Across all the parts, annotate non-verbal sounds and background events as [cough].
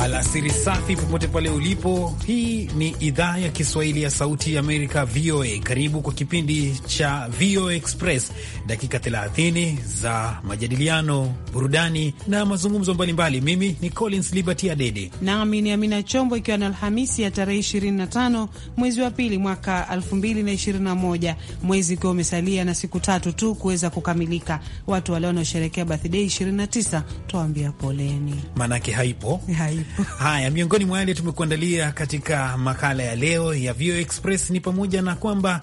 Alasiri safi popote pale ulipo. Hii ni idhaa ya Kiswahili ya Sauti ya Amerika, VOA. Karibu kwa kipindi cha VOA Express, dakika 30 za majadiliano, burudani na mazungumzo mbalimbali. Mimi ni Collins Liberty Adede nami ni Amina Chombo, ikiwa na Alhamisi ya tarehe 25 mwezi wa pili mwaka 2021, mwezi ukiwa umesalia na siku tatu tu kuweza kukamilika. Watu wale wanaosherekea birthday 29, tuwaambia poleni, maanake haipo, haipo. [laughs] Haya, miongoni mwa yale tumekuandalia katika makala ya leo ya Vio Express ni pamoja na kwamba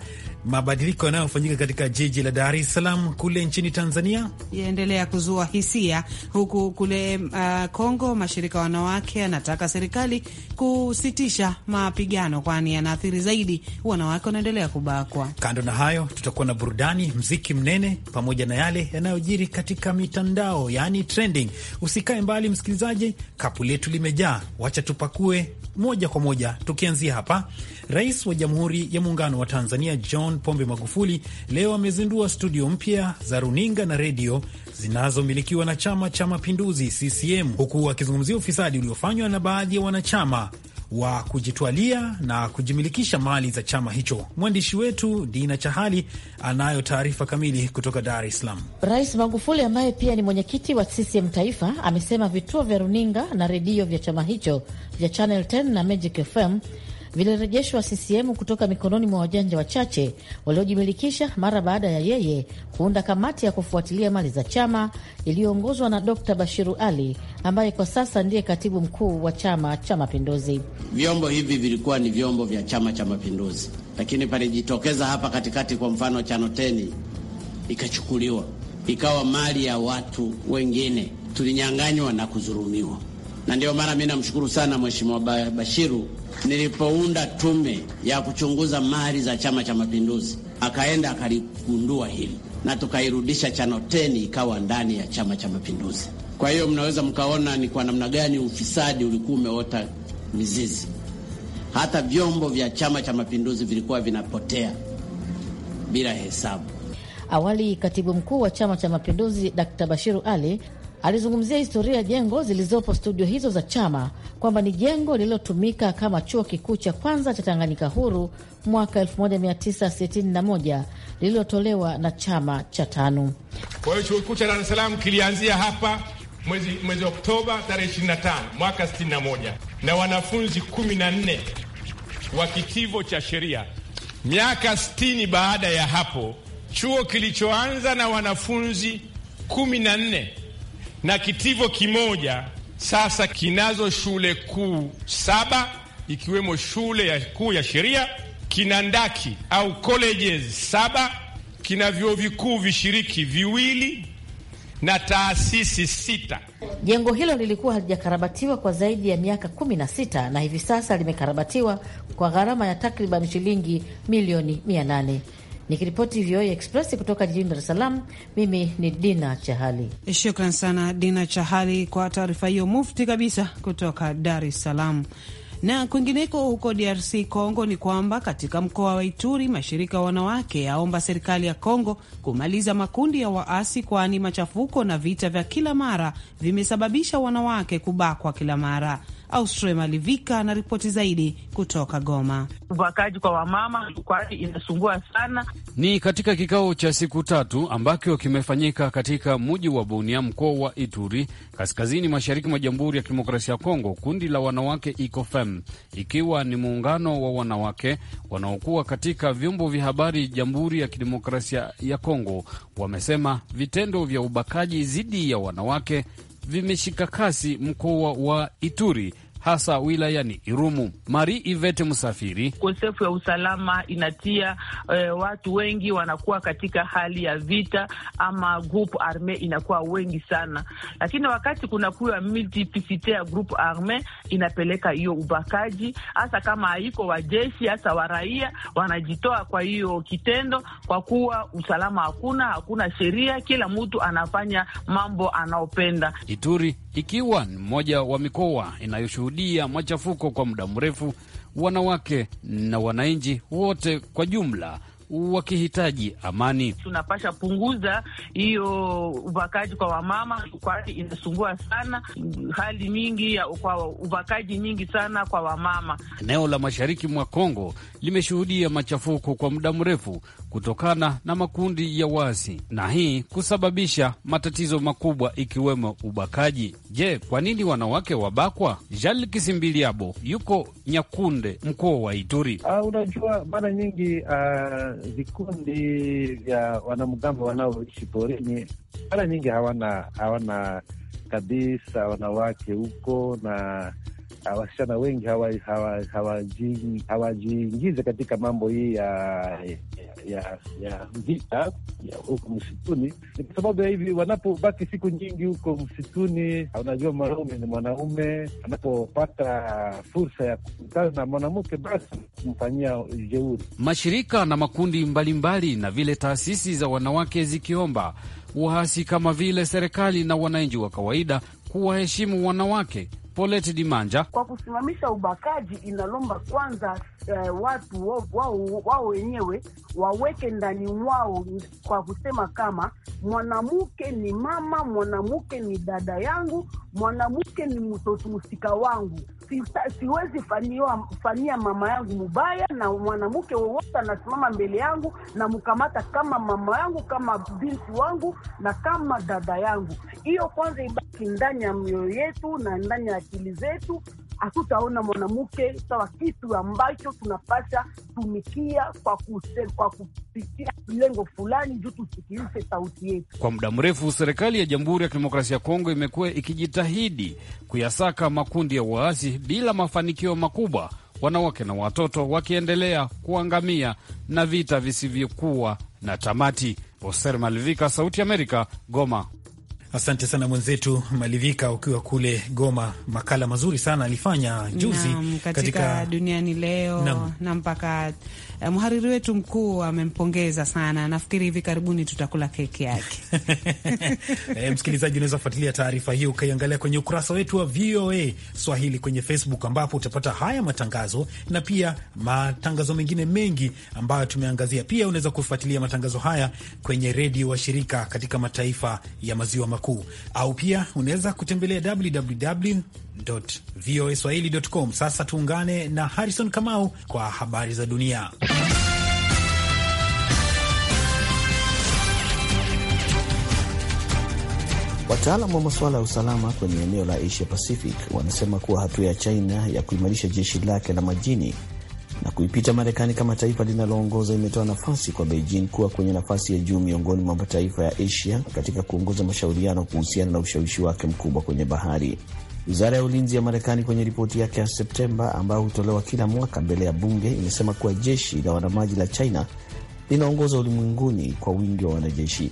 mabadiliko yanayofanyika katika jiji la Dar es Salaam kule nchini Tanzania yaendelea kuzua hisia huku kule uh, Kongo. Uh, mashirika wanawake yanataka serikali kusitisha mapigano, kwani yanaathiri zaidi wanawake wanaendelea kubakwa. Kando na hayo, tutakuwa na burudani, mziki mnene, pamoja na yale yanayojiri katika mitandao, yaani trending. Usikae mbali, msikilizaji, kapu letu limejaa. Wacha tupakue moja kwa moja, tukianzia hapa. Rais wa Jamhuri ya Muungano wa Tanzania John Pombe Magufuli leo amezindua studio mpya za runinga na redio zinazomilikiwa na Chama cha Mapinduzi CCM, huku akizungumzia ufisadi uliofanywa na baadhi ya wanachama wa kujitwalia na kujimilikisha mali za chama hicho. Mwandishi wetu Dina Chahali anayo taarifa kamili kutoka Dar es Salaam. Rais Magufuli ambaye pia ni mwenyekiti wa CCM Taifa amesema vituo vya runinga na redio vya chama hicho vya Channel 10 na Magic FM vilirejeshwa CCM kutoka mikononi mwa wajanja wachache waliojimilikisha mara baada ya yeye kuunda kamati ya kufuatilia mali za chama iliyoongozwa na Dr. Bashiru Ali ambaye kwa sasa ndiye katibu mkuu wa Chama cha Mapinduzi. Vyombo hivi vilikuwa ni vyombo vya Chama cha Mapinduzi, lakini palijitokeza hapa katikati, kwa mfano Chanoteni ikachukuliwa ikawa mali ya watu wengine, tulinyang'anywa na kuzurumiwa na ndio maana mi namshukuru sana Mheshimiwa Bashiru nilipounda tume ya kuchunguza mali za Chama cha Mapinduzi, akaenda akaligundua hili na tukairudisha Chanoteni ikawa ndani ya Chama cha Mapinduzi. Kwa hiyo mnaweza mkaona ni kwa namna gani ufisadi ulikuwa umeota mizizi. Hata vyombo vya Chama cha Mapinduzi vilikuwa vinapotea bila hesabu. Awali katibu mkuu wa Chama cha Mapinduzi Dkt Bashiru Ali Alizungumzia historia ya jengo zilizopo studio hizo za chama kwamba ni jengo lililotumika kama chuo kikuu cha kwanza cha Tanganyika huru mwaka 1961 lililotolewa na chama cha TANU. Kwa hiyo chuo kikuu cha Dar es Salaam kilianzia hapa mwezi, mwezi Oktoba tarehe 25 mwaka 61 na wanafunzi 14 wa kitivo cha sheria. Miaka 60 baada ya hapo, chuo kilichoanza na wanafunzi 14 na kitivo kimoja sasa kinazo shule kuu saba ikiwemo shule kuu ya sheria, kina ndaki au colleges saba, kina vyuo vikuu vishiriki viwili na taasisi sita. Jengo hilo lilikuwa halijakarabatiwa kwa zaidi ya miaka kumi na sita na hivi sasa limekarabatiwa kwa gharama ya takriban shilingi milioni mia nane. Nikiripoti VOA Express kutoka jijini Dar es Salaam, mimi ni Dina Chahali. Shukran sana Dina Chahali kwa taarifa hiyo mufti kabisa kutoka Dar es Salaam. Na kwingineko huko DRC Congo ni kwamba katika mkoa wa Ituri mashirika ya wanawake yaomba serikali ya Congo kumaliza makundi ya waasi, kwani machafuko na vita vya kila mara vimesababisha wanawake kubakwa kila mara. Austre Malivika na ripoti zaidi kutoka Goma. Ubakaji kwa wamama kwani inasumbua sana. Ni katika kikao cha siku tatu ambacho kimefanyika katika muji wa Bunia, mkoa wa Ituri, kaskazini mashariki mwa Jamhuri ya Kidemokrasia ya Kongo. Kundi la wanawake ICOFEM ikiwa ni muungano wa wanawake wanaokuwa katika vyombo vya habari Jamhuri ya Kidemokrasia ya Kongo wamesema vitendo vya ubakaji dhidi ya wanawake vimeshika kasi mkoa wa Ituri hasa wilayani Irumu. Mari Ivete Msafiri: ukosefu ya usalama inatia e, watu wengi wanakuwa katika hali ya vita ama group arme inakuwa wengi sana, lakini wakati kunakuwa multiplicite ya group arme inapeleka hiyo ubakaji, hasa kama haiko wajeshi, hasa waraia wanajitoa kwa hiyo kitendo, kwa kuwa usalama hakuna, hakuna sheria, kila mtu anafanya mambo anaopenda. Ituri ikiwa ni mmoja wa mikoa inayoshuhudia machafuko kwa muda mrefu, wanawake na wananchi wote kwa jumla wakihitaji amani. Tunapasha punguza hiyo ubakaji kwa wamama, kwani inasumbua sana, hali nyingi kwa ubakaji nyingi sana kwa wamama. Eneo la mashariki mwa Kongo limeshuhudia machafuko kwa muda mrefu kutokana na makundi ya waasi na hii kusababisha matatizo makubwa ikiwemo ubakaji. Je, kwa nini wanawake wabakwa? Jal Kisimbiliabo yuko Nyakunde, mkoa wa Ituri. Uh, unajua mara nyingi uh, vikundi vya wanamgambo wanaoishi porini mara nyingi hawana hawana kabisa wanawake huko na wasichana wengi hawajiingize hawa, hawa, hawa, hawa, katika mambo hii ya ya ya vita huko msituni, ni kwa sababu ya hivi, wanapobaki siku nyingi huko msituni. Unajua, mwanaume ni mwanaume, anapopata fursa ya kukutana na mwanamke basi kumfanyia jeuri. Mashirika na makundi mbalimbali mbali, na vile taasisi za wanawake zikiomba waasi kama vile serikali na wananchi wa kawaida kuwaheshimu wanawake. Polet Dimanja: kwa kusimamisha ubakaji inalomba kwanza eh, watu wao wao wenyewe waweke ndani mwao, kwa kusema kama mwanamke ni mama, mwanamke ni dada yangu, mwanamke ni mtoto msika wangu siwezi fanyia mama yangu mubaya, na mwanamke wowote anasimama mbele yangu na mkamata kama mama yangu kama binti wangu na kama dada yangu. Hiyo kwanza ibaki ndani ya mioyo yetu na ndani ya akili zetu hatutaona mwanamke sawa kitu ambacho tunapasha tumikia kwa, kuse, kwa kupitia lengo fulani juu tusikilize sauti yetu. Kwa muda mrefu serikali ya Jamhuri ya Kidemokrasia ya Kongo imekuwa ikijitahidi kuyasaka makundi ya waasi bila mafanikio makubwa, wanawake na watoto wakiendelea kuangamia na vita visivyokuwa na tamati. Oser malivika Sauti Amerika, Goma. Asante sana mwenzetu Malivika, ukiwa kule Goma. Makala mazuri sana alifanya juzi nam, katika, katika duniani leo na, na mpaka uh, mhariri wetu mkuu amempongeza sana. Nafikiri hivi karibuni tutakula keki yake. [laughs] E, msikilizaji, unaweza kufuatilia taarifa hiyo ukaiangalia kwenye ukurasa wetu wa VOA Swahili kwenye Facebook, ambapo utapata haya matangazo na pia matangazo mengine mengi ambayo tumeangazia. Pia unaweza kufuatilia matangazo haya kwenye redio wa shirika katika mataifa ya maziwa makuu, au pia unaweza kutembelea www voaswahili.com. Sasa tuungane na Harrison Kamau kwa habari za dunia wataalam wa masuala ya usalama kwenye eneo la Asia Pacific wanasema kuwa hatua ya China ya kuimarisha jeshi lake la majini na kuipita Marekani kama taifa linaloongoza imetoa nafasi kwa Beijing kuwa kwenye nafasi ya juu miongoni mwa mataifa ya Asia katika kuongoza mashauriano kuhusiana na ushawishi wake mkubwa kwenye bahari. Wizara ya ulinzi ya Marekani kwenye ripoti yake ya Septemba ambayo hutolewa kila mwaka mbele ya bunge imesema kuwa jeshi la wanamaji la China linaongoza ulimwenguni kwa wingi wa wanajeshi.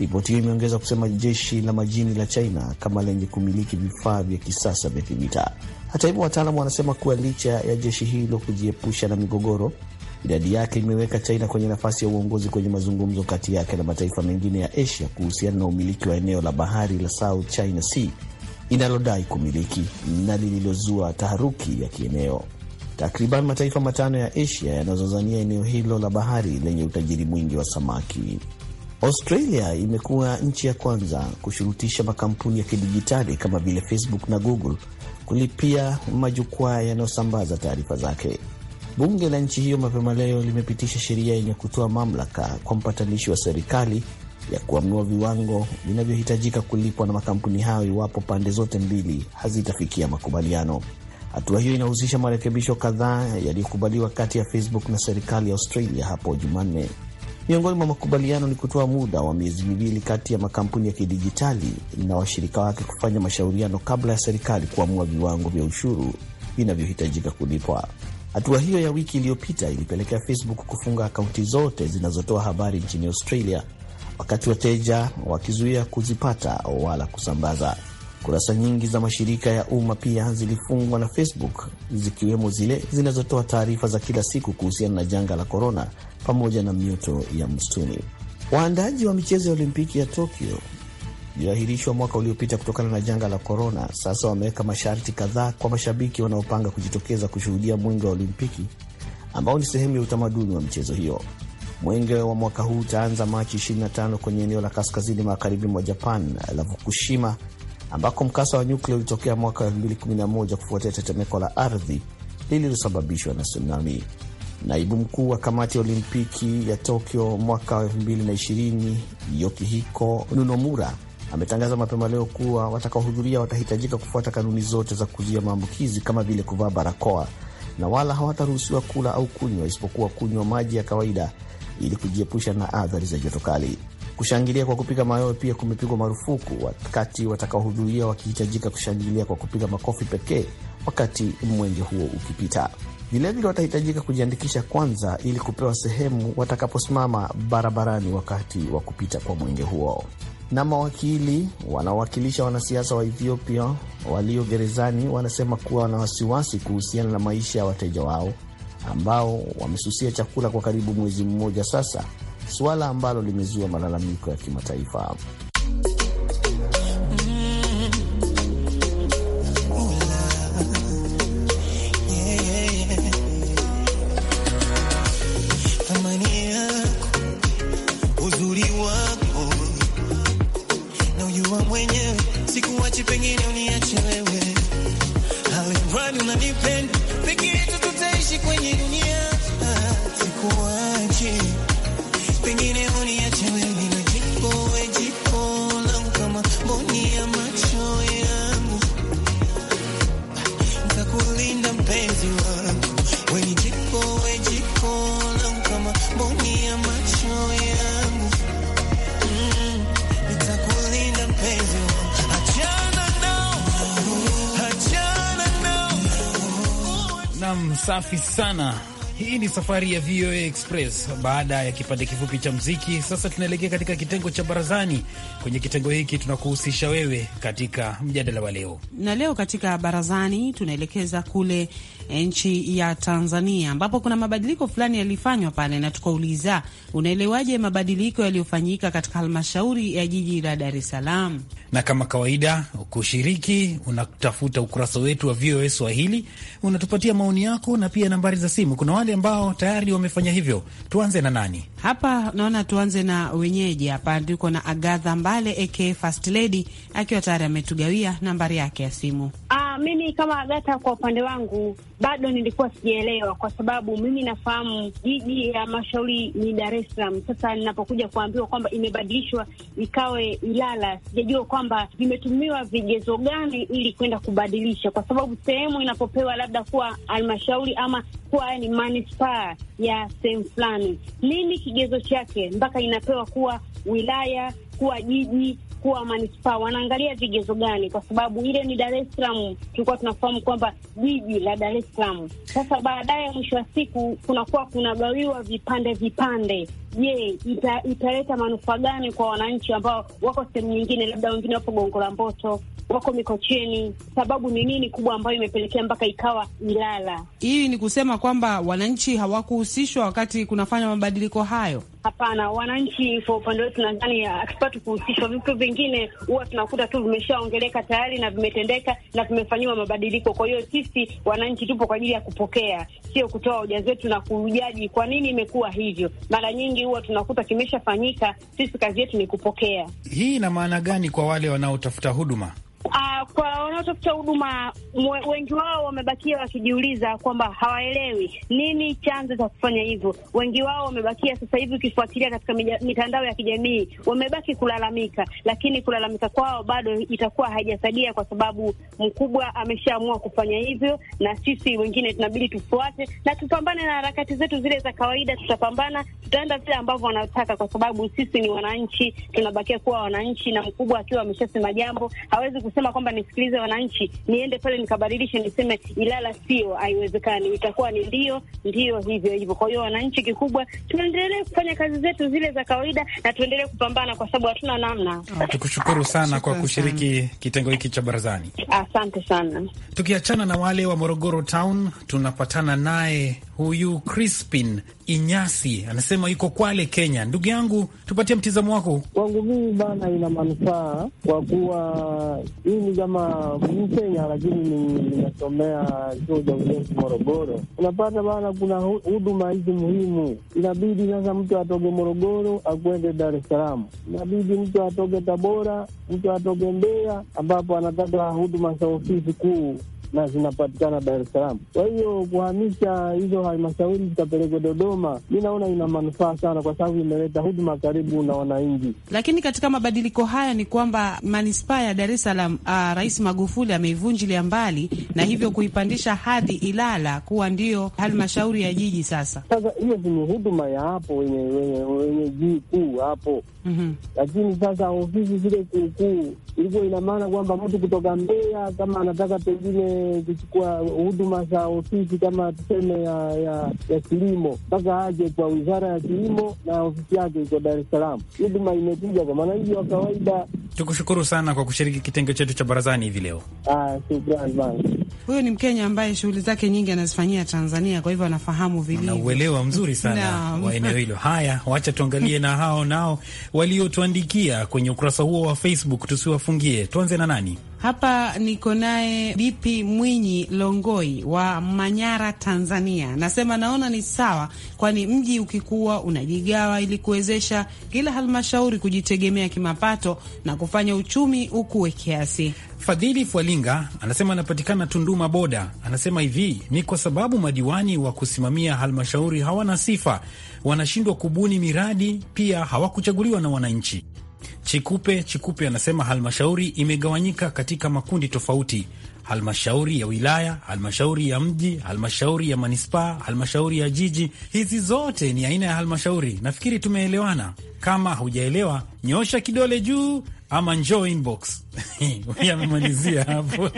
Ripoti hiyo imeongeza kusema jeshi la majini la China kama lenye kumiliki vifaa vya kisasa vya kivita. Hata hivyo, wataalamu wanasema kuwa licha ya jeshi hilo kujiepusha na migogoro, idadi yake imeweka China kwenye nafasi ya uongozi kwenye mazungumzo kati yake na mataifa mengine ya Asia kuhusiana na umiliki wa eneo la bahari la South China Sea inalodai kumiliki na lililozua taharuki ya kieneo. Takriban mataifa matano ya Asia yanazozania eneo hilo la bahari lenye utajiri mwingi wa samaki. Australia imekuwa nchi ya kwanza kushurutisha makampuni ya kidijitali kama vile Facebook na Google kulipia majukwaa yanayosambaza taarifa zake. Bunge la nchi hiyo mapema leo limepitisha sheria yenye kutoa mamlaka kwa mpatanishi wa serikali ya kuamua viwango vinavyohitajika kulipwa na makampuni hayo iwapo pande zote mbili hazitafikia makubaliano. Hatua hiyo inahusisha marekebisho kadhaa yaliyokubaliwa kati ya Facebook na serikali ya Australia hapo Jumanne. Miongoni mwa makubaliano ni kutoa muda wa miezi miwili kati ya makampuni ya kidijitali na washirika wake kufanya mashauriano kabla ya serikali kuamua viwango vya ushuru vinavyohitajika kulipwa. Hatua hiyo ya wiki iliyopita ilipelekea Facebook kufunga akaunti zote zinazotoa habari nchini Australia wakati wateja wakizuia kuzipata wala kusambaza. Kurasa nyingi za mashirika ya umma pia zilifungwa na Facebook, zikiwemo zile zinazotoa taarifa za kila siku kuhusiana na janga la korona pamoja na mioto ya msituni. Waandaji wa michezo ya Olimpiki ya Tokyo iliyoahirishwa mwaka uliopita kutokana na janga la korona, sasa wameweka masharti kadhaa kwa mashabiki wanaopanga kujitokeza kushuhudia mwenge wa Olimpiki ambao ni sehemu ya utamaduni wa michezo hiyo. Mwenge wa mwaka huu utaanza Machi 25 kwenye eneo la kaskazini magharibi mwa Japan la Fukushima, ambako mkasa wa nyuklia ulitokea mwaka 2011 kufuatia tetemeko la ardhi lililosababishwa na tsunami. Naibu mkuu wa kamati ya Olimpiki ya Tokyo mwaka 2020 Yokihiko Nunomura ametangaza mapema leo kuwa watakaohudhuria watahitajika kufuata kanuni zote za kuzuia maambukizi kama vile kuvaa barakoa na wala hawataruhusiwa kula au kunywa isipokuwa kunywa maji ya kawaida ili kujiepusha na athari za joto kali. Kushangilia kwa kupiga mayowe pia kumepigwa marufuku, wakati watakaohudhuria wakihitajika kushangilia kwa kupiga makofi pekee wakati mwenge huo ukipita. Vilevile watahitajika kujiandikisha kwanza ili kupewa sehemu watakaposimama barabarani wakati wa kupita kwa mwenge huo. Na mawakili wanaowakilisha wanasiasa wa Ethiopia walio gerezani wanasema kuwa wana wasiwasi kuhusiana na maisha ya wateja wao ambao wamesusia chakula kwa karibu mwezi mmoja sasa, suala ambalo limezua malalamiko ya kimataifa. Hii ni safari ya VOA Express. Baada ya kipande kifupi cha mziki, sasa tunaelekea katika kitengo cha barazani. Kwenye kitengo hiki tunakuhusisha wewe katika mjadala wa leo, na leo katika barazani tunaelekeza kule eh, nchi ya Tanzania ambapo kuna mabadiliko fulani yalifanywa pale, na tukauliza unaelewaje mabadiliko yaliyofanyika katika halmashauri ya jiji la Dar es Salaam. Na kama kawaida, kushiriki unatafuta ukurasa wetu wa VOA Swahili, unatupatia maoni yako na pia nambari za simu. Kuna wale ambao ambao tayari wamefanya hivyo. Tuanze na nani hapa? Naona tuanze na wenyeji hapa, tuko na Agatha Mbale aka First Lady akiwa tayari ametugawia nambari yake ya simu ah mimi kama Agata, kwa upande wangu bado nilikuwa sijaelewa, kwa sababu mimi nafahamu jiji ya mashauri ni Dar es Salaam. Sasa ninapokuja kuambiwa kwamba imebadilishwa ikawe Ilala, sijajua kwamba vimetumiwa vigezo gani ili kwenda kubadilisha, kwa sababu sehemu inapopewa labda kuwa halmashauri ama kuwa ni manispaa ya sehemu fulani, nini kigezo chake mpaka inapewa kuwa wilaya kuwa jiji kuwa manispaa wanaangalia vigezo gani? Kwa sababu ile ni Dar es Salaam, tulikuwa tunafahamu kwamba jiji la Dar es Salaam. Sasa baadaye, mwisho wa siku, kunakuwa kunagawiwa vipande vipande. Je, ita, italeta manufaa gani kwa wananchi ambao wako sehemu nyingine, labda wengine wapo Gongo la Mboto, wako Mikocheni? Sababu ni nini kubwa ambayo imepelekea mpaka ikawa Ilala? Hii ni kusema kwamba wananchi hawakuhusishwa wakati kunafanywa mabadiliko hayo. Hapana, wananchi kwa upande wetu nadhani hatupati kuhusishwa. Vitu vingine huwa tunakuta tu vimeshaongeleka tayari na vimetendeka na vimefanyiwa mabadiliko. Kwa hiyo sisi wananchi tupo kwa ajili ya kupokea, sio kutoa hoja zetu na kujaji kwa nini imekuwa hivyo. Mara nyingi huwa tunakuta kimeshafanyika, sisi kazi yetu ni kupokea. Hii ina maana gani kwa wale wanaotafuta huduma? Uh, kwa wanaotafuta huduma wengi wao wamebakia wakijiuliza kwamba hawaelewi nini chanzo cha kufanya hivyo. Wengi wao wamebakia sasa hivi wakifuatilia katika mitandao ya kijamii wamebaki kulalamika, lakini kulalamika kwao bado itakuwa haijasaidia, kwa sababu mkubwa ameshaamua kufanya hivyo, na sisi wengine tunabidi tufuate na tupambane na harakati zetu zile za kawaida. Tutapambana, tutaenda vile ambavyo wanataka, kwa sababu sisi ni wananchi, tunabakia kuwa wananchi, na mkubwa akiwa ameshasema jambo hawezi kusema kwamba nisikilize wananchi, niende pale nikabadilishe, niseme Ilala sio, haiwezekani. Itakuwa ni ndio, ndio hivyo hivyo. Kwa hiyo wananchi, kikubwa tuendelee kufanya kazi zetu zile za kawaida na tuendelee kupambana, kwa sababu hatuna namna. Ah, tukushukuru sana kwa kushiriki kitengo hiki cha barazani, asante sana. Tukiachana na wale wa Morogoro Town, tunapatana naye Huyu Crispin Inyasi anasema yuko Kwale, Kenya. Ndugu yangu, tupatie mtizamo wako. Kwangu mimi bana, ina manufaa kwa kuwa mimi kama Mkenya, lakini ninasomea chuo cha ujenzi Morogoro. Unapata bana, kuna huduma hizi muhimu. Inabidi sasa mtu atoke Morogoro akwende Dar es Salaam, inabidi mtu atoke Tabora, mtu atoke Mbeya, ambapo anataka huduma za ofisi kuu na zinapatikana Dar es Salaam. Kwa hiyo kuhamisha hizo halmashauri zitapelekwa Dodoma, mi naona ina manufaa sana, kwa sababu imeleta huduma karibu na wananchi. Lakini katika mabadiliko haya ni kwamba manispaa ya Dar es Salaam, ah, Rais Magufuli ameivunjilia mbali na hivyo kuipandisha hadhi Ilala kuwa ndiyo halmashauri ya jiji sasa. Sasa hiyo ni huduma ya hapo wenye jiji kuu hapo, mhm. lakini sasa ofisi zile kuukuu ilikuwa ina maana kwamba mtu kutoka Mbeya kama anataka pengine kuchukua huduma za ofisi kama tuseme ya ya, ya kilimo mpaka aje kwa wizara ya kilimo na ofisi yake iko Dar es Salaam. Huduma imekuja kwa maana hiyo kawaida. Tukushukuru sana kwa kushiriki kitengo chetu cha barazani hivi leo. Ah, Shukrani Huyu ni Mkenya ambaye shughuli zake nyingi anazifanyia Tanzania, kwa hivyo anafahamu vilivyo na uelewa mzuri sana wa eneo hilo. Haya, wacha tuangalie na hao nao waliotuandikia kwenye ukurasa huo wa Facebook, tusiwafungie. Tuanze na nani? Hapa niko naye Bipi Mwinyi Longoi wa Manyara, Tanzania. Nasema naona ni sawa, kwani mji ukikuwa unajigawa ili kuwezesha kila halmashauri kujitegemea kimapato na kufanya uchumi ukuwe kiasi. Fadhili Fwalinga anasema anapatikana Tunduma boda. Anasema hivi ni kwa sababu madiwani wa kusimamia halmashauri hawana sifa, wanashindwa kubuni miradi, pia hawakuchaguliwa na wananchi. Chikupe Chikupe anasema halmashauri imegawanyika katika makundi tofauti: halmashauri ya wilaya, halmashauri ya mji, halmashauri ya manispaa, halmashauri ya jiji. Hizi zote ni aina ya halmashauri. Nafikiri tumeelewana. Kama hujaelewa, nyosha kidole juu ama njoo inbox [laughs] amemalizia hapo [laughs]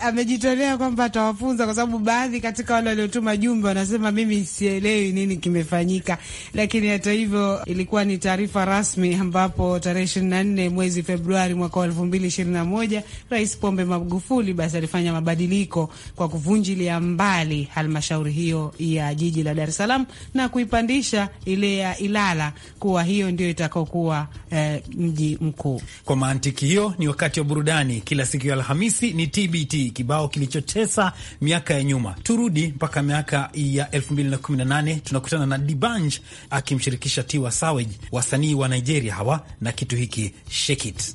amejitolea kwamba atawafunza, kwa sababu baadhi katika wale waliotuma jumbe wanasema mimi sielewi nini kimefanyika. Lakini hata hivyo, ilikuwa ni taarifa rasmi ambapo tarehe ishirini na nne mwezi Februari mwaka wa elfu mbili ishirini na moja Rais Pombe Magufuli basi alifanya mabadiliko kwa kuvunjilia mbali halmashauri hiyo ya jiji la Dar es Salaam na kuipandisha ile ya Ilala kuwa hiyo ndio itakaokuwa eh, mji mkuu. Kwa mantiki hiyo, ni wakati wa burudani. Kila siku ya Alhamisi ni TBT, kibao kilichotesa miaka ya nyuma. Turudi mpaka miaka ya 2018 tunakutana na Dibanj akimshirikisha Tiwa Savage, wasanii wa Nigeria hawa na kitu hiki shake it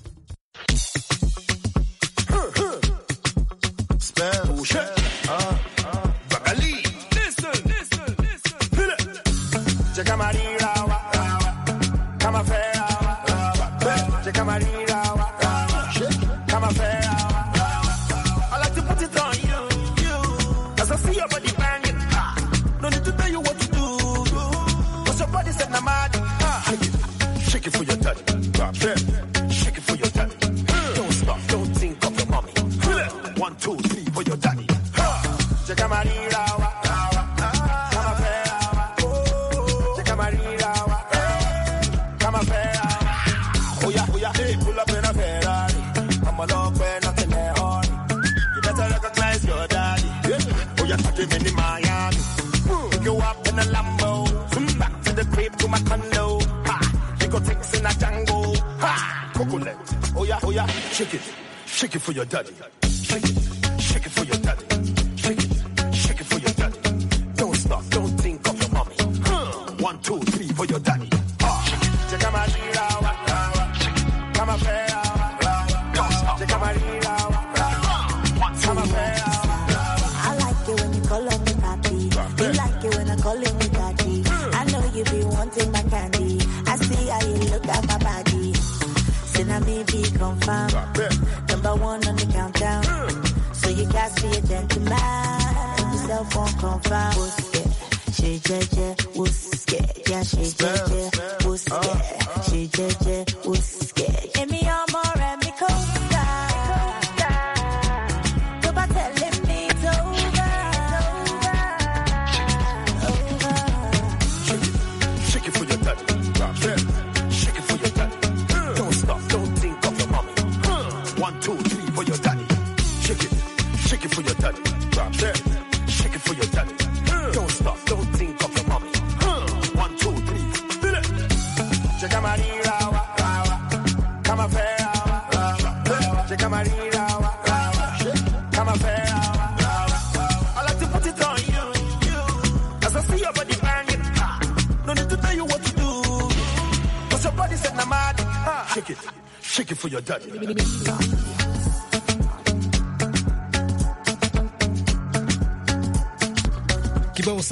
Shake it, shake it for your daddy. Shake it, shake it for your daddy. won't come fly. Who's scared? She JJ, who's scared? Yeah, she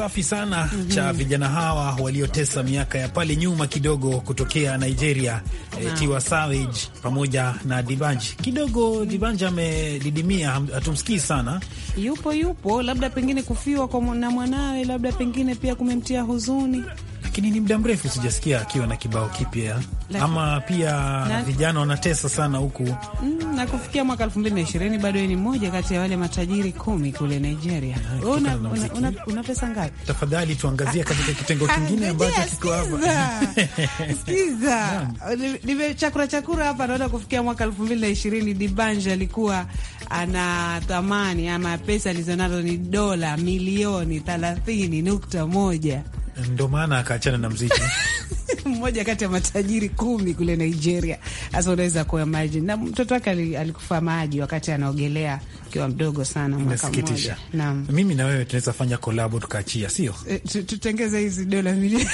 safi sana mm -hmm. cha vijana hawa waliotesa miaka ya pale nyuma kidogo kutokea Nigeria wow. E, Tiwa Savage pamoja na Dibanji kidogo. Dibanji amedidimia, hatumsikii sana, yupo yupo, labda pengine kufiwa na mwanawe, labda pengine pia kumemtia huzuni lakini ni muda mrefu sijasikia akiwa na kibao kipya ama pia vijana wanatesa sana huku mm, na kufikia mwaka ishirini bado ni mmoja kati ya wale matajiri kumi kule Nigeria. Una, una, una, una pesa ngapi? Tafadhali tuangazia katika kitengo [laughs] kingine ambacho kiko hapa. Sikiza, [laughs] nimechakura chakura hapa, naona kufikia mwaka ishirini Dibanji alikuwa ana thamani ama pesa alizonazo ni dola milioni nukta moja Ndo maana akaachana na mziki [laughs] [laughs] mmoja kati ya matajiri kumi kule Nigeria. Sasa unaweza kuimagine, na mtoto wake alikufa maji wakati anaogelea akiwa mdogo sana, mwaka mmoja. Naam, mimi na wewe tunaweza fanya kolabo tukaachia, sio e, tutengeze hizi dola milioni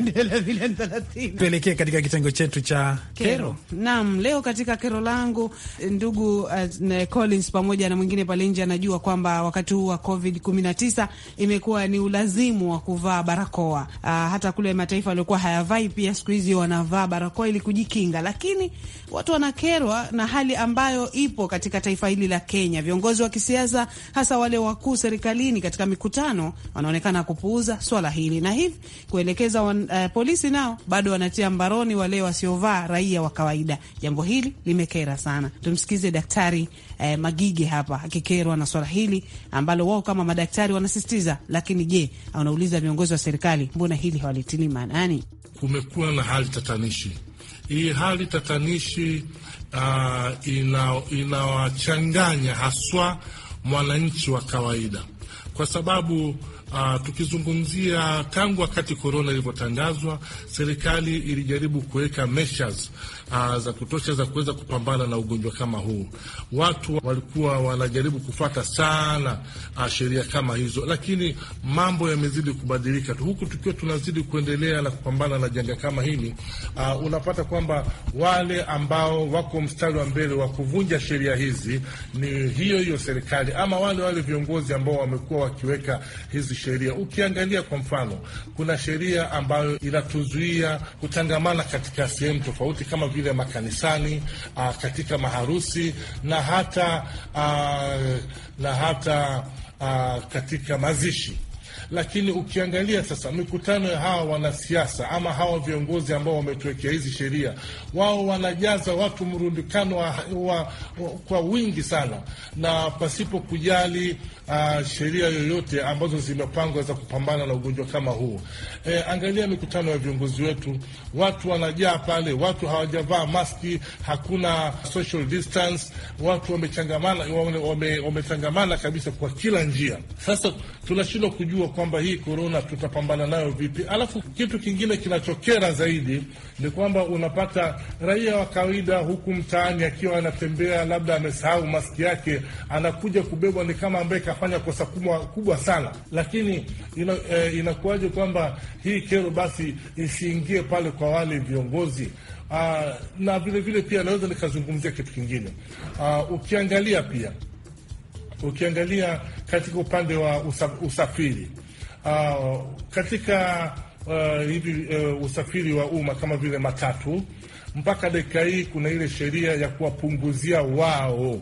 [laughs] dola milioni thelathini tuelekee katika kitengo chetu cha kero. Naam, leo katika kero langu ndugu uh, Collins pamoja na mwingine pale nje anajua kwamba wakati huu wa Covid 19 imekuwa ni ulazimu wa kuvaa barakoa uh, hata kule mataifa aliokuwa hayavai pia siku hizi wanavaa barakoa ili kujikinga, lakini watu wanakerwa na hali ambayo ipo katika taifa hili la Kenya. Viongozi wa kisiasa hasa wale wakuu serikalini, katika mikutano wanaonekana kupuuza swala hili na hivi kuelekeza wan, uh, polisi nao bado wanatia mbaroni wale wasiovaa, raia wa kawaida. Jambo hili limekera sana. Tumsikize Daktari uh, Magige hapa akikerwa na swala hili ambalo wao kama madaktari wanasisitiza, lakini je, anauliza viongozi wa serikali, mbona hili hawalitili maanani? kumekuwa na hali tatanishi. Hii hali tatanishi uh, inawachanganya ina haswa mwananchi wa kawaida kwa sababu uh, tukizungumzia tangu wakati korona ilivyotangazwa, serikali ilijaribu kuweka measures Ah, za kutosha za kuweza kupambana na ugonjwa kama huu. Watu walikuwa wanajaribu kufata sana ah, sheria kama hizo, lakini mambo yamezidi kubadilika tu, huku tukiwa tunazidi kuendelea na kupambana na janga kama hili ah, unapata kwamba wale ambao wako mstari wa mbele wa kuvunja sheria hizi ni hiyo hiyo serikali ama wale wale viongozi ambao wamekuwa wakiweka hizi sheria. Ukiangalia kwa mfano, kuna sheria ambayo inatuzuia kutangamana katika sehemu tofauti kama vile vile makanisani, uh, katika maharusi na hata uh, na hata uh, katika mazishi. Lakini ukiangalia sasa mikutano ya hawa wanasiasa ama hawa viongozi ambao wametuwekea hizi sheria, wao wanajaza watu mrundikano wa, wa, wa, kwa wingi sana na pasipo kujali uh, sheria yoyote ambazo zimepangwa za kupambana na ugonjwa kama huu. E, angalia mikutano ya viongozi wetu, watu wanajaa pale, watu hawajavaa maski, hakuna social distance, watu wamechangamana, wame, wamechangamana kabisa kwa kila njia. Sasa tunashindwa kujua kwamba hii korona tutapambana nayo vipi? Alafu kitu kingine kinachokera zaidi ni kwamba unapata raia wa kawaida huku mtaani akiwa anatembea, labda amesahau maski yake, anakuja kubebwa ni kama ambaye kafanya kosa kubwa, kubwa sana, lakini ina, e, inakuwaje kwamba hii kero basi isiingie pale kwa wale viongozi aa, na vilevile pia naweza nikazungumzia kitu kingine aa, ukiangalia pia ukiangalia katika upande wa usafiri aa, katika Uh, hivi uh, usafiri wa umma kama vile matatu, mpaka dakika hii kuna ile sheria ya kuwapunguzia wao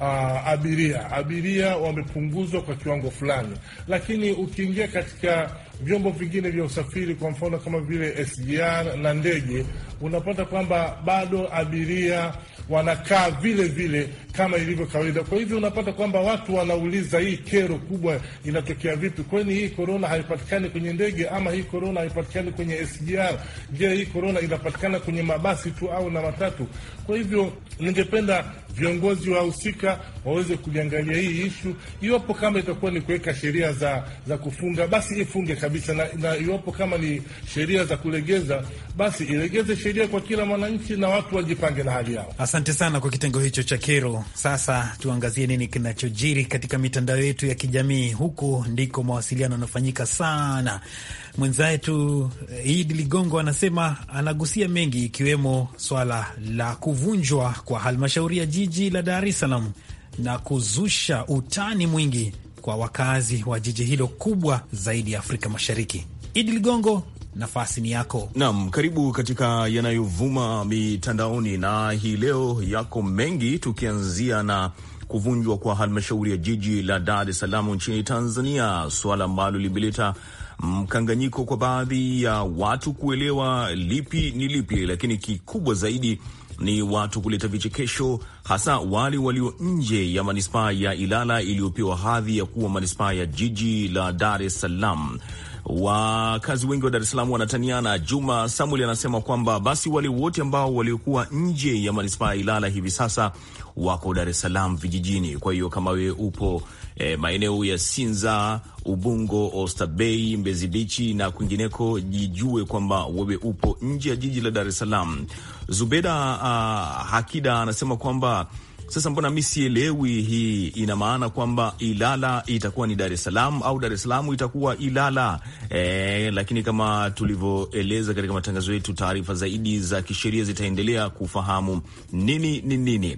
uh, abiria abiria wamepunguzwa kwa kiwango fulani, lakini ukiingia katika vyombo vingine vya usafiri, kwa mfano kama vile SGR na ndege, unapata kwamba bado abiria wanakaa vile vile kama ilivyo kawaida. Kwa hivyo unapata kwamba watu wanauliza hii kero kubwa inatokea vipi? Kwani hii korona haipatikani kwenye ndege ama hii korona haipatikani kwenye SGR? Je, hii korona inapatikana kwenye mabasi tu au na matatu? Kwa hivyo ningependa viongozi wahusika waweze kuliangalia hii ishu. Iwapo kama itakuwa ni kuweka sheria za za kufunga, basi ifunge kabisa, na, na iwapo kama ni sheria za kulegeza, basi ilegeze sheria kwa kila mwananchi, na watu wajipange na hali yao. Asante sana kwa kitengo hicho cha kero sasa tuangazie nini kinachojiri katika mitandao yetu ya kijamii. Huko ndiko mawasiliano yanafanyika sana. Mwenzetu eh, Idi Ligongo anasema anagusia mengi, ikiwemo swala la kuvunjwa kwa halmashauri ya jiji la Dar es Salaam na kuzusha utani mwingi kwa wakazi wa jiji hilo kubwa zaidi ya Afrika Mashariki. Idi Ligongo, nafasi ni yako. Naam, karibu katika yanayovuma mitandaoni, na hii leo yako mengi, tukianzia na kuvunjwa kwa halmashauri ya jiji la Dar es Salaam nchini Tanzania, suala ambalo limeleta mkanganyiko kwa baadhi ya watu kuelewa lipi ni lipi, lakini kikubwa zaidi ni watu kuleta vichekesho, hasa wale walio nje ya manispaa ya Ilala iliyopewa hadhi ya kuwa manispaa ya jiji la Dar es Salaam. Wakazi wengi wa Dar es Salaam wanataniana. Juma Samuel anasema kwamba basi wale wote ambao waliokuwa nje ya manispaa Ilala hivi sasa wako Dar es Salaam vijijini. Kwa hiyo kama wewe upo e, maeneo ya Sinza, Ubungo, Oysterbay, Mbezi Beach na kwingineko, jijue kwamba wewe upo nje ya jiji la Dar es Salaam. Zubeda uh, Hakida anasema kwamba sasa mbona mi sielewi hii ina maana kwamba Ilala itakuwa ni Dar es Salaam au Dar es Salaam itakuwa Ilala? E, lakini kama tulivyoeleza katika matangazo yetu, taarifa zaidi za kisheria zitaendelea kufahamu nini ni nini.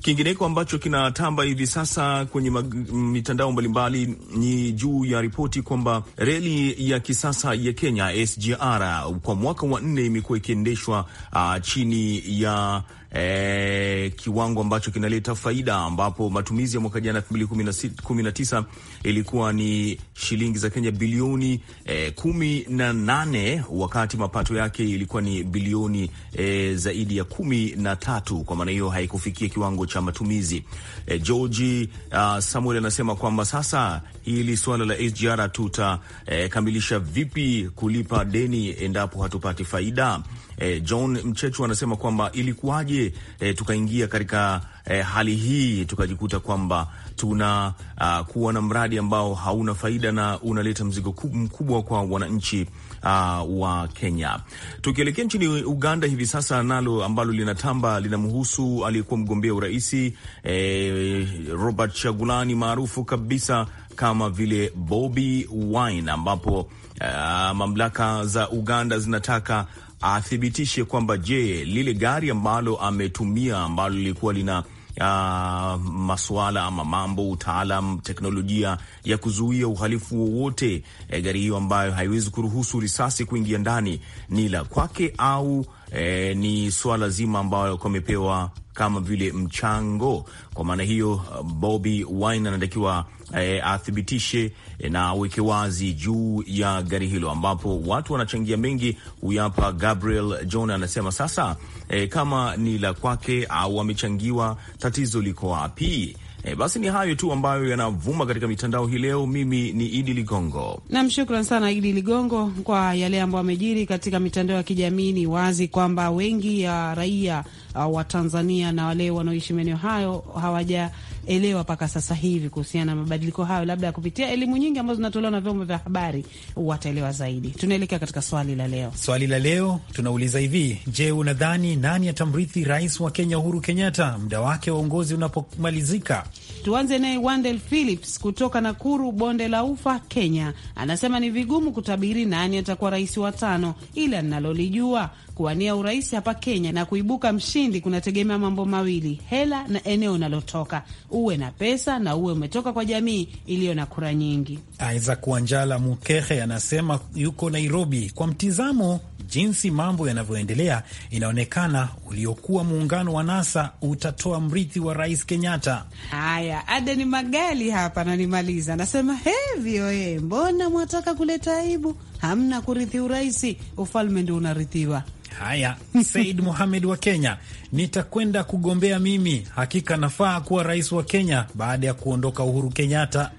Kingineko ambacho kinatamba hivi sasa kwenye mitandao mbalimbali ni juu ya ripoti kwamba reli ya kisasa ya Kenya SGR kwa mwaka wa nne imekuwa ikiendeshwa uh, chini ya e, kiwango ambacho kinaleta faida, ambapo matumizi ya mwaka jana 2019 ilikuwa ni shilingi za Kenya bilioni e, kumi na nane wakati mapato yake ilikuwa ni bilioni e, zaidi ya kumi na tatu. Kwa maana hiyo haikufikia kiwango cha matumizi e, George uh, Samuel anasema kwamba sasa hili suala la SGR tutakamilisha kamilisha vipi kulipa deni endapo hatupati faida E, John Mchechu anasema kwamba ilikuwaje e, tukaingia katika e, hali hii tukajikuta kwamba tuna uh, kuwa na mradi ambao hauna faida na unaleta mzigo mkubwa kwa wananchi uh, wa Kenya. Tukielekea nchini Uganda hivi sasa, nalo ambalo linatamba linamhusu aliyekuwa mgombea uraisi eh, Robert Chagulani maarufu kabisa kama vile Bobi Wine ambapo uh, mamlaka za Uganda zinataka athibitishe kwamba je, lile gari ambalo ametumia ambalo lilikuwa lina Uh, masuala ama mambo utaalam, teknolojia ya kuzuia uhalifu wowote, e, gari hiyo ambayo haiwezi kuruhusu risasi kuingia ndani ni la kwake au e, ni swala zima ambayo kwamepewa kama vile mchango. Kwa maana hiyo, Bobi Wine anatakiwa e, athibitishe e, na aweke wazi juu ya gari hilo, ambapo watu wanachangia mengi. Huyu hapa Gabriel John anasema sasa, e, kama ni la kwake au amechangiwa, tatizo liko wapi? E, basi ni hayo tu ambayo yanavuma katika mitandao hii leo. Mimi ni Idi Ligongo nam shukran sana Idi Ligongo kwa yale ambayo amejiri katika mitandao ya kijamii. Ni wazi kwamba wengi ya raia uh, wa Tanzania na wale wanaoishi maeneo hayo hawaja elewa mpaka sasa hivi kuhusiana na mabadiliko hayo, labda ya kupitia elimu nyingi ambazo zinatolewa na vyombo vya habari wataelewa zaidi. Tunaelekea katika swali la leo. Swali la leo tunauliza hivi: Je, unadhani nani atamrithi rais wa Kenya Uhuru Kenyatta muda wake wa uongozi unapomalizika? Tuanze naye Wandel Phillips kutoka Nakuru, bonde la Ufa, Kenya, anasema ni vigumu kutabiri nani atakuwa rais wa tano, ila ninalolijua kuwania urais hapa Kenya na kuibuka mshindi kunategemea mambo mawili: hela na eneo unalotoka. Uwe na pesa na uwe umetoka kwa jamii iliyo na kura nyingi. Aiza Kuanjala Mukehe anasema yuko Nairobi. Kwa mtizamo jinsi mambo yanavyoendelea, inaonekana uliokuwa muungano wa NASA utatoa mrithi wa rais Kenyatta. Haya, ni Magali hapa nanimaliza, anasema hevyo, mbona mwataka kuleta aibu? hamna kurithi uraisi, ufalme ndio unarithiwa. Haya, Said Muhamed wa Kenya, nitakwenda kugombea mimi, hakika nafaa kuwa rais wa Kenya baada ya kuondoka Uhuru Kenyatta.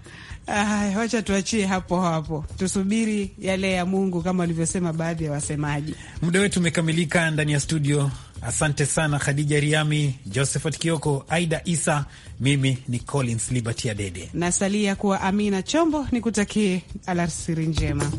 Ah, wacha tuachie hapo hapo, tusubiri yale ya Mungu kama walivyosema baadhi ya wasemaji. Muda wetu umekamilika ndani ya studio. Asante sana Khadija Riami, Josephat Kioko, Aida Isa. Mimi ni Collins Liberty Adede, nasalia kuwa Amina Chombo, nikutakie alasiri njema.